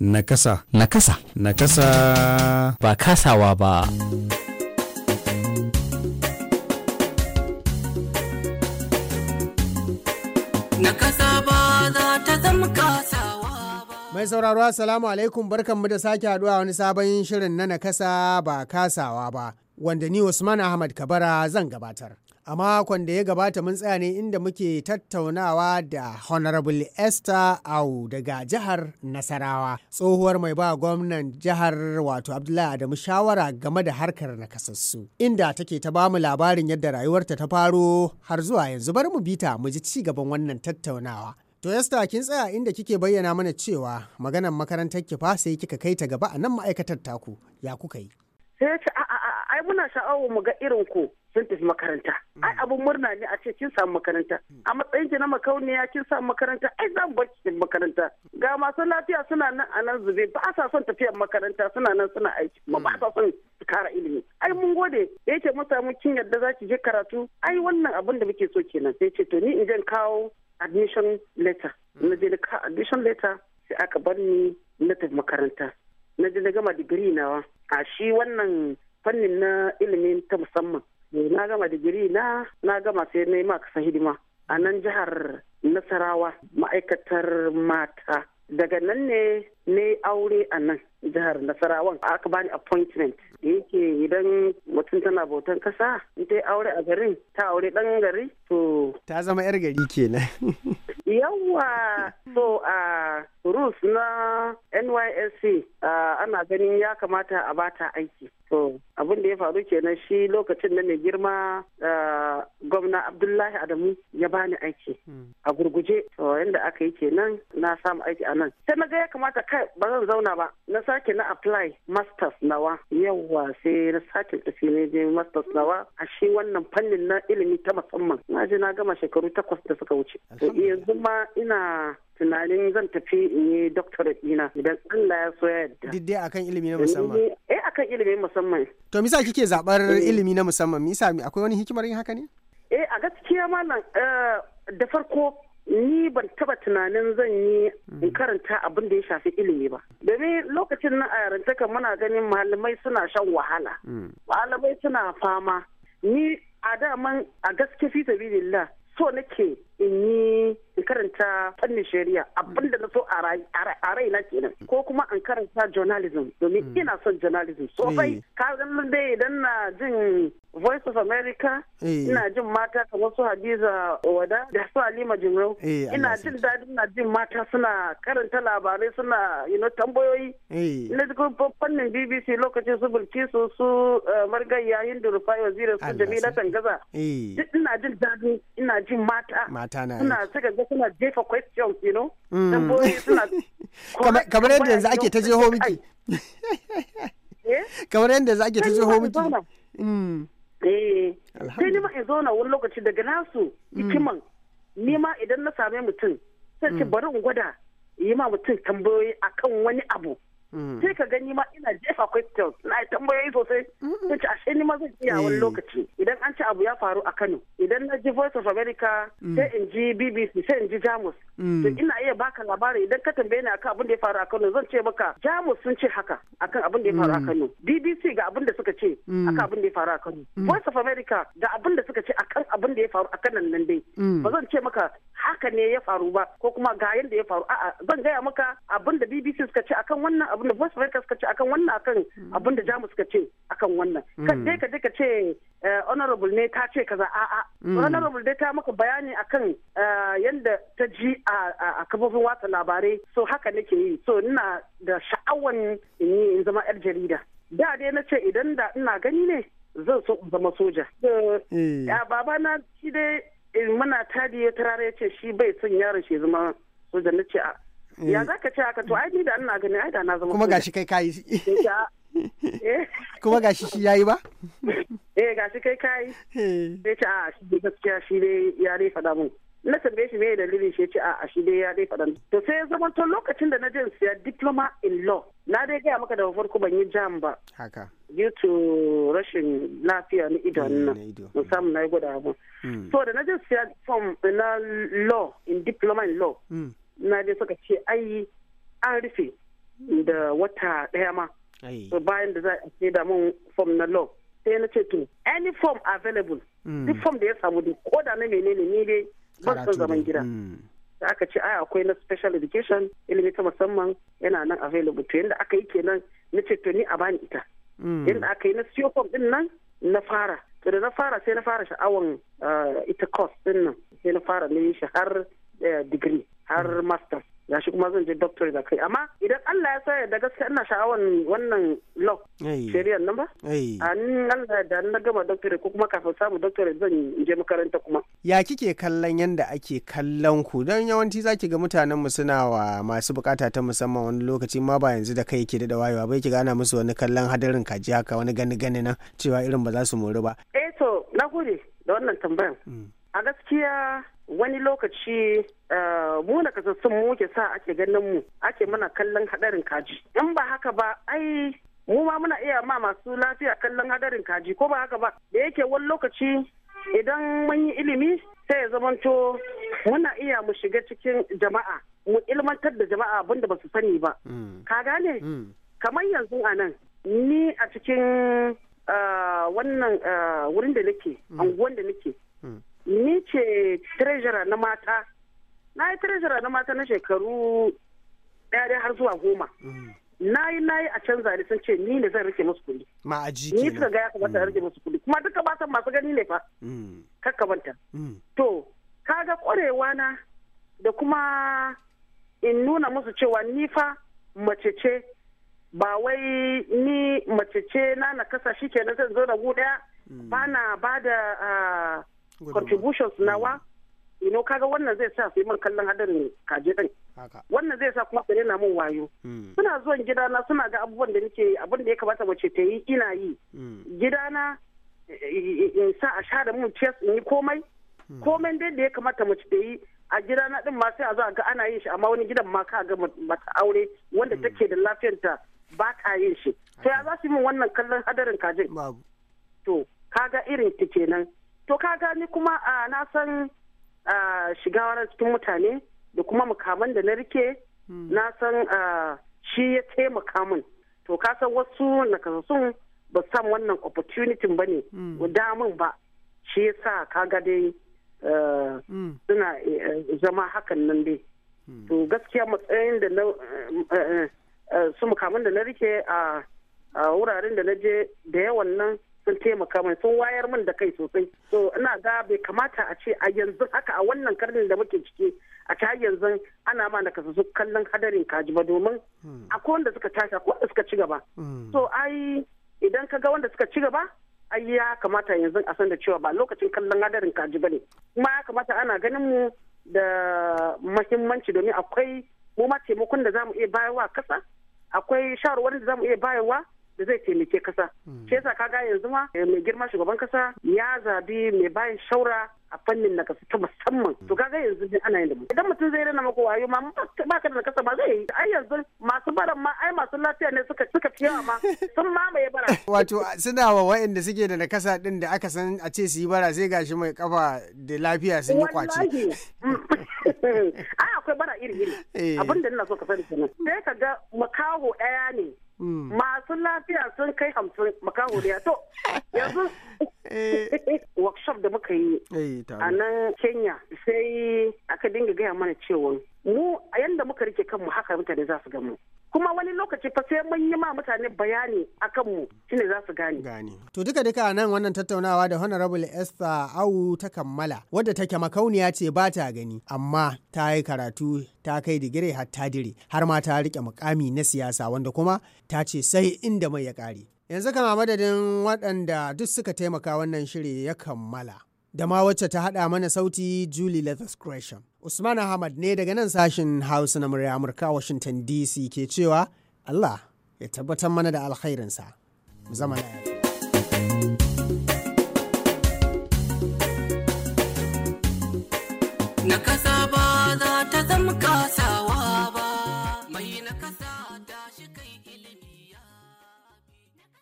Nakasa. Nakasa. Nakasa. Ba kasawa ba. Nakasa ba za ta zama kasawa ba. Mai sauraro Assalamu alaikum barkanmu da sake haduwa wani sabon shirin na nakasa ba kasawa ba. Wanda ni Usman Ahmad Kabara zan gabatar. a makon da ya gabata mun tsaya ne inda muke tattaunawa da honorable esther au daga jihar nasarawa tsohuwar mai ba gwamnan jihar wato abdullahi adamu shawara game da harkar nakasassu inda take ta bamu labarin yadda rayuwarta ta faro har zuwa yanzu bar mu bita mu ji ci gaban wannan tattaunawa To Esther kin tsaya inda kike bayyana mana cewa maganar makarantar ki fa sai kika kai ta gaba a nan ma'aikatar taku ya kuka yi. Sai eh, ce a'a ai muna sha'awar mu ga irin ku sun tafi makaranta ai mm. abun murna ne a ce kin samu makaranta mm. a matsayin ki na makauniya kin samu makaranta ai za bar ki makaranta ga masu lafiya suna nan a nan zube ba sa son tafiya makaranta suna nan suna aiki Ma ba mm. sa son su kara ilimi ai mun gode yake mun samu kin yadda za ki je karatu ai wannan abin da muke so kenan sai ce to ni in kawo admission letter na je ka admission letter sai aka bar ni na tafi makaranta na je na gama digiri nawa a shi wannan fannin na ilimin ta musamman na gama digiri na na gama sai na yi hidima a nan jihar nasarawa ma'aikatar mata daga nan ne na yi aure a nan jihar nasarawan aka bani appointment da yake idan mutum tana bautan kasa ta aure a garin ta aure dan gari to ta zama yar gari kenan yawa so a rules na nysc ana ganin ya kamata a bata aiki abin da ya faru kenan shi lokacin da mai girma ah, gwamna abdullahi adamu ya bani aiki hmm. a gurguje to da aka yi kenan na samu aiki a nan sai na ga ya kamata kai ba zan zauna ba na sake na apply masters nawa yawa sai na sake tafi ne je masters nawa a shi wannan fannin na ilimi ta musamman na je na gama shekaru takwas da suka wuce to yanzu ma ina tunanin zan tafi in yi doctorate dina idan Allah ya so ya yarda. Diddai akan ilimi na musamman. Eh akan ilimi musamman. To misa kike zabar eh. ilimi na musamman misa akwai wani hikimar yin haka ne? Eh a gaskiya malam eh, da farko ni ban taba tunanin zan yi hmm. in karanta abin da ya shafi ilimi ba domin lokacin na yarantaka muna ganin malamai suna shan wahala hmm. malamai suna fama ni a daman a gaske fi sabilillah so nake in yi in karanta fannin shari'a abin da na so a raina kenan ko kuma an karanta journalism domin mm. ina son journalism sosai bai eh. ka dai idan na jin voice of america eh. ina jin mata kamar su hadiza wada da su halima jimrau eh, ina jin dadi Ina jin mata suna karanta labarai suna you know, tambayoyi eh. na cikin fannin bbc lokacin su bilkisu su margayya hindu rufai wazirin su jamila tangaza ina jin dadi ina jin mata mata na suna saka ga suna jefa questions you know mm. tambayoyi suna kamar yadda yanzu ake ta jeho miki kamar yadda yanzu ake ta jeho mm. miki eh sai ni ma in zauna wani lokaci daga nasu mm. hikiman nima idan na same mutum sai ce mm. bari in gwada yi ma mutum tambayoyi akan wani abu Mm. sai ka gani ma ina jefa questions na tambayoyi sosai sun ci ashe ni ma zan iya wani eh. lokaci idan an ci abu ya faru a Kano idan na ji Voice of America mm. sai in ji BBC sai in ji Jamus mm. to ina iya baka labari idan ka tambaye ni akan abin da ya faru a Kano zan ce maka Jamus sun ce haka akan abin da ya faru a Kano BBC ga abin da suka ce akan abin da ya faru a Kano Voice of America ga abin da suka ce akan abin da ya faru a kanan nan dai ba zan ce maka haka ne ya faru ba ko kuma ga yanda ya faru a'a zan gaya maka abin da BBC suka ce akan wannan abin abin da voice suka ce akan wannan akan mm. abin da jamus ka ce akan wannan mm. kan dai ka dai ka ce eh, honorable ne ta ce kaza a'a mm. honorable dai ta maka bayani akan eh, yadda ta ji a kafofin watsa labarai so haka nake yi so ina da sha'awan in yi in zama yar jarida da dai na ce idan da ina gani ne zan so in zama soja Baba eh. babana shi dai muna tadi ya tarare ce shi bai son yaron shi zama soja na ce a. ya eh. za ka ce haka to ai da ina gani ai da na zama kuma gashi kai kai eh. kuma gashi shi yayi ba eh gashi kai kai eh. sai ce a ah, shi gaskiya shi dai ya dai fada mun na tambaye shi me dalilin shi ce a ah, shi dai ya dai fada to sai ya zama to lokacin da na je siya diploma in law na dai ga maka da farko ban yi jam ba haka due to rashin lafiya na idon mm, na musamman na yi gudawa mm. to da na je siya form na law in diploma in law mm. na je suka ce ai an rufe da wata ɗaya ma bayan da za a ce da mun form na law sai na ce to any form available mm. duk form da ya samu duk ko da na menene ni dai ban san zaman gida mm. da aka ce ai akwai na special education ilimi ta musamman yana nan available to yanda aka yi kenan na ce to ni a bani ita mm. yanda aka yi na siyo form din nan na fara to da na fara sai na fara sha'awan ah, ita course din nan sai na fara na shi har eh, digiri har mm. masters ga shi kuma zan je doctor da kai amma idan Allah ya sayar da gaskiya ina sha'awar wannan law shari'ar nan ba an Allah da na gama doctor ko kuma kafin samu doctor zan je makaranta kuma ya kike kallon yanda ake kallon ku dan yawanci zaki ga mutanen mu suna wa masu bukata ta musamman wani lokaci ma ba yanzu da kai yake da wayewa ba yake gana musu wani kallon hadarin kaji haka wani gani gani nan cewa irin ba za su mori ba eh to na gode da wannan tambayan mm. a gaskiya wani lokaci eh, mu na kasassun mu ke sa ake ganin mu ake mana kallon hadarin kaji in ba haka ba ai mu ma muna iya ma masu lafiya kallon hadarin kaji ko ba haka ba da yake wani lokaci idan mun yi ilimi sai ya zamanto muna iya mu shiga cikin jama'a mu ilmantar da jama'a abin da ba su sani ba mm. ka gane mm. kamar yanzu a nan ni a cikin eh, wannan eh, wurin da nake anguwan mm. da nake ni ce treasurer na mata na yi treasurer na mata na shekaru ɗaya har zuwa goma mm. na yi na yi a canza ni sun ce ni ne zan rike musu kuɗi ma'aji ni suka ga ya kamata rike musu kuɗi kuma duka san masu gani ne fa mm. kakkamanta mm. to ga ƙwarewa na da kuma in nuna musu cewa ni fa mace ce ba wai ni mace ce na na kasa shi kenan zan zo da gu ɗaya ba na ba da ah, contributions mm. nawa you know kaga wannan zai sa su yi min kallon hadarin kaje din wannan zai sa kuma su na mun wayo mm. suna zuwan gidana suna ga abubuwan da nake abin da ya kamata mace ta yi ina yi mm. gidana eh, eh, eh, in sa a share mun chest in yi komai komai dai da ya kamata mace ta yi a gidana din ma sai a zo a ga ana yin shi amma wani gidan ma ka ga mata aure wanda take da lafiyarta ba ka yin shi to ya za su yi min wannan kallon hadarin kaje? to kaga irin ta kenan ni kuma na san shiga wani cikin mutane da kuma mukaman da na rike hmm. na san shi ya taimaka min to ka san wasu nakasassun ba san wannan opportunity ba ne hmm. damun ba shi ya sa kaga dai hmm. suna e, e, zama hakan nan dai to gaskiya matsayin da na e, su mukamin da na rike a wuraren da na je da yawan nan sun taimaka mai sun wayar min da kai sosai so ina ga bai kamata a ce a yanzu haka a wannan karnin da muke ciki a ta yanzu ana ma naka su kallon hadarin kaji ba domin hmm. akwai wanda suka tashi akwai wanda suka ci gaba hmm. so ai idan ka ga wanda suka ci gaba ai ya kamata yanzu a san da cewa ba lokacin kallon hadarin kaji ba ne kuma ya kamata ana ganin mu da muhimmanci domin akwai mu ma taimakon da zamu iya bayarwa kasa akwai shawarwarin da za mu iya bayarwa da zai taimake kasa. Hmm. Shi yasa kaga yanzu ma eh, mai girma shugaban kasa ya zabi mai bayan shaura a fannin na kasa ta musamman. Hmm. To kaga yanzu ne ana yin da mu. Idan mutum zai rena maka wayo ma ba ka da kasa ba zai yi. Ai yanzu masu baran ma ai masu lafiya ne suka suka fi yawa ma sun mamaye bara. Wato suna wa waɗanda suke da nakasa din da aka san a ce su yi bara sai gashi mai kafa da lafiya sun yi kwace. Ai akwai bara iri-iri. Eh. Abin da ina so ka sani kenan. Sai ka ga makaho ɗaya ne Mm. masu lafiya sun kai hamsin makahuriya to yanzu eh. workshop da muka yi eh, a nan kenya sai aka dinga gaya mana cewa mu a yadda muka rike kanmu haka mutane za su gamu kuma wani lokaci fa sai mun yi ma mutane bayani akan mu shine za su gane. Gane. To duka duka nan wannan tattaunawa da Honorable Esther Awu ta kammala wadda take makauniya ce ba ta gani amma ta yi karatu ta kai digire har ta dire har ma ta rike mukami na siyasa wanda kuma ta ce sai inda mai ya kare. Yanzu kama madadin waɗanda duk suka taimaka wannan shiri ya kammala. Da ma wacce ta haɗa mana sauti Julie Leathers Gresham. Usman Ahmad ne daga nan sashin Hausa na murya Amurka Washington DC ke cewa Allah ya tabbatar mana da alkhairinsa. Mu zama Na kasa ba